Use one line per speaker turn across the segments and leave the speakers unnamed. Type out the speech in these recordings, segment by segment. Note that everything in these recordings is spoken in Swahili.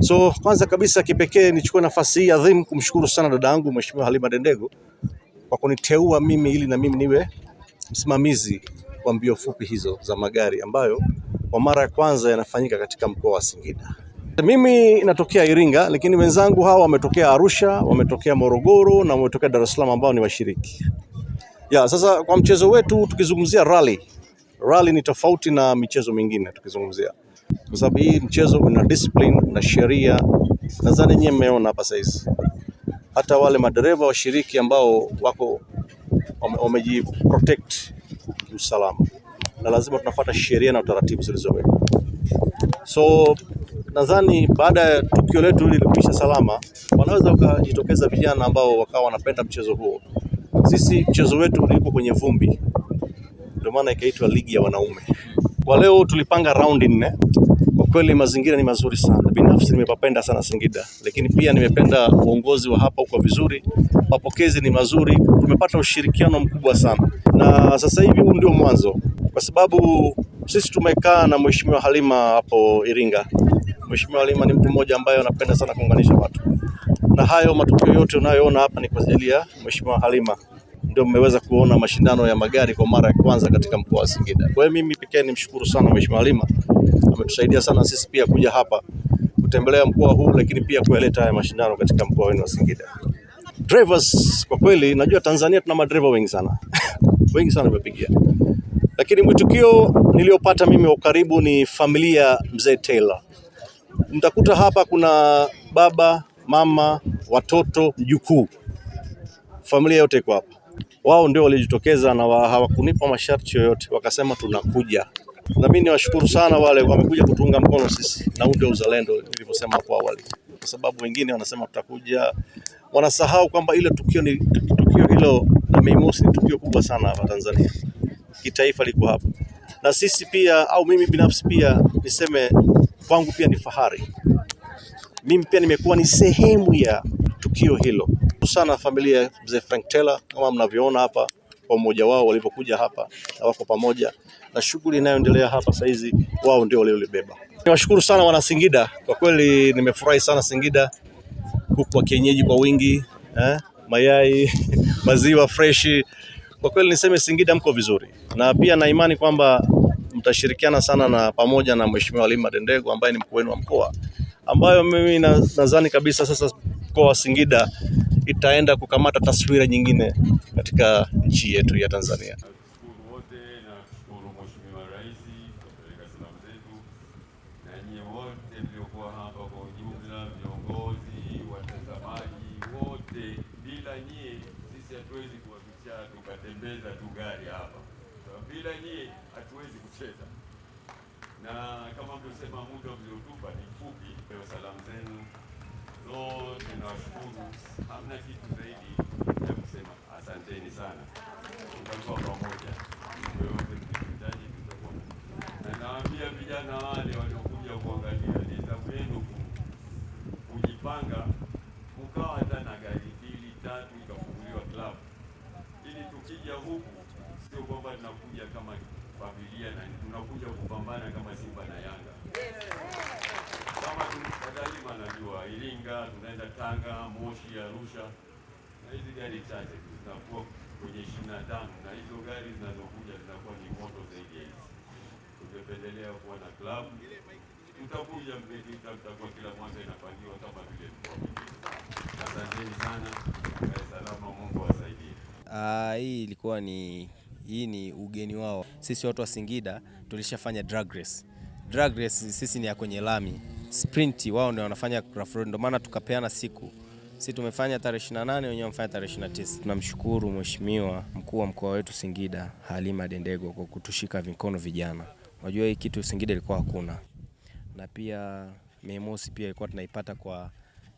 So kwanza kabisa, kipekee nichukue nafasi hii adhimu kumshukuru sana dada yangu Mheshimiwa Halima Dendego kwa kuniteua mimi ili na mimi niwe msimamizi wa mbio fupi hizo za magari ambayo kwa mara ya kwanza yanafanyika katika mkoa wa Singida. Mimi natokea Iringa, lakini wenzangu hawa wametokea Arusha, wametokea Morogoro na wametokea Dar es Salaam ambao ni washiriki. Ya, sasa kwa mchezo wetu tukizungumzia rally. Rally ni tofauti na michezo mingine tukizungumzia kwa sababu hii mchezo una discipline, na sheria. Nadhani nyinyi mmeona hapa saizi, hata wale madereva washiriki ambao wako wameji protect usalama, na lazima tunafuata sheria na utaratibu zilizowekwa. So nadhani baada ya tukio letu hili likuisha salama, wanaweza wakajitokeza vijana ambao wakawa wanapenda mchezo huo. Sisi mchezo wetu ulipo kwenye vumbi, ndio maana ikaitwa ligi ya wanaume. Kwa leo tulipanga raundi nne kweli mazingira ni mazuri sana, binafsi nimepapenda sana Singida, lakini pia nimependa uongozi wa hapa uko vizuri, mapokezi ni mazuri, tumepata ushirikiano mkubwa sana, na sasa hivi huu ndio mwanzo, kwa sababu sisi tumekaa na mheshimiwa Halima hapo Iringa. Mheshimiwa Halima ni mtu mmoja ambaye anapenda sana kuunganisha watu, na hayo matukio yote unayoona hapa ni kwa ajili ya mheshimiwa Halima ndio mmeweza kuona mashindano ya magari kwa mara ya kwanza katika mkoa wa Singida. Kwa hiyo mimi pekee nimshukuru sana mheshimiwa Halima ametusaidia sana sisi pia kuja hapa kutembelea mkoa huu, lakini pia kuyaleta haya mashindano katika mkoa wenu wa Singida. Drivers kwa kweli, najua Tanzania tuna madriver wengi sana wengi sana wamepigia, lakini mwitikio niliyopata mimi wa karibu ni familia mzee Taylor. Mtakuta hapa kuna baba, mama, watoto, mjukuu, familia yote iko hapa. Wao ndio walijitokeza na hawakunipa masharti yoyote, wakasema tunakuja na mimi niwashukuru sana wale wamekuja kutuunga mkono sisi, na huu ndio uzalendo nilivyosema hapo awali, kwa sababu wengine wanasema tutakuja, wanasahau kwamba ile tukio ni tukio hilo na Mei Mosi ni tukio kubwa sana hapa Tanzania, kitaifa liko hapa na sisi pia au mimi binafsi pia niseme kwangu pia ni fahari, mimi pia nimekuwa ni sehemu ya tukio hilo sana. Familia ya mzee Frank Tella kama mnavyoona hapa kwa umoja wao walivyokuja hapa na wako pamoja na shughuli inayoendelea hapa saizi, wao ndio waliolibeba. Niwashukuru sana wana Singida, kwa kweli nimefurahi sana Singida, kuku wa kienyeji kwa wingi eh, mayai maziwa freshi. Kwa kweli niseme Singida mko vizuri, na pia na imani kwamba mtashirikiana sana na pamoja na Mheshimiwa Lima Dendego ambaye ni mkuu wenu wa mkoa, ambayo mimi nadhani kabisa sasa mkoa wa Singida itaenda kukamata taswira nyingine katika nchi yetu ya Tanzania. Nashukuru wote na kushukuru Mheshimiwa Rais kwa kupeleka salamu zetu na nyie wote mliokuwa hapa kwa ujumla, viongozi, watazamaji wote, bila nyie sisi hatuwezi kuwapicha tukatembeza tu gari hapa, bila nyie hatuwezi kucheza na kama mliosema muda mliotupa ni mfupi. Leo salamu zenu Loo, tunashukuru, hamna kitu zaidi ya kusema asanteni sana, tutakuwa pamoja yoyote mkihitaji, tutakuwa na naambia vijana wale waliokuja kuangalia, ni zamu
yenu kujipanga, kukawa hata na gari mbili tatu ikafunguliwa klabu, ili tukija huku sio kwamba tunakuja kama familia na tunakuja kupambana kama Simba na Yanga. Iringa, tunaenda Tanga, Moshi, Arusha na hizi gari chache zinakuwa kwenye ishirini na tano na hizo gari zinazokuja zinakuwa ni moto zaidi ya hizi. Tungependelea kuwa na klabu, tutakuja mtakuwa kila mwaka inapangiwa kama vile mkoa mwingine. Asanteni sana, kae salama, Mungu awasaidie. Ah, hii ilikuwa ni hii ni ugeni wao. Sisi watu wa Singida tulishafanya drag race. Drag race sisi ni ya kwenye lami sprint wao ndio wanafanya craft road, ndio maana tukapeana siku sisi tumefanya tarehe 28 wenyewe wamefanya tarehe 29. Tunamshukuru Mheshimiwa mkuu wa mkoa wetu Singida Halima Dendego kwa kutushika mikono vijana. Unajua hii kitu Singida ilikuwa hakuna, na pia memosi pia ilikuwa tunaipata kwa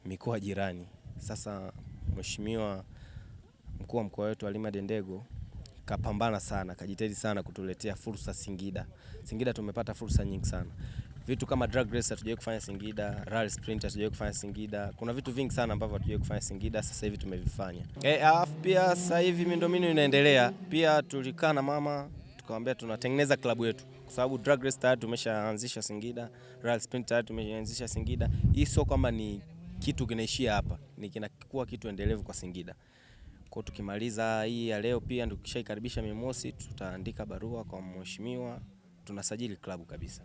mikoa jirani. Sasa Mheshimiwa mkuu wa mkoa wetu Halima Dendego kapambana sana, kajitahidi sana kutuletea fursa Singida. Singida tumepata fursa nyingi sana vitu kama drag race hatujawai kufanya Singida, rail sprint hatujawai kufanya Singida. Kuna vitu vingi sana ambavyo hatujawai kufanya Singida, sasa hivi tumevifanya. E, alafu pia sasa hivi miundombinu inaendelea. Pia tulikaa na mama tukamwambia tunatengeneza klabu yetu kwa sababu drag race tayari tumeshaanzisha Singida, rail sprint tayari tumeanzisha Singida. Hii sio kwamba ni kitu kinaishia hapa, ni kinakuwa kitu endelevu kwa Singida. Kwa tukimaliza hii ya leo, pia ndio kishaikaribisha Mimosi, tutaandika barua kwa mheshimiwa tunasajili klabu kabisa.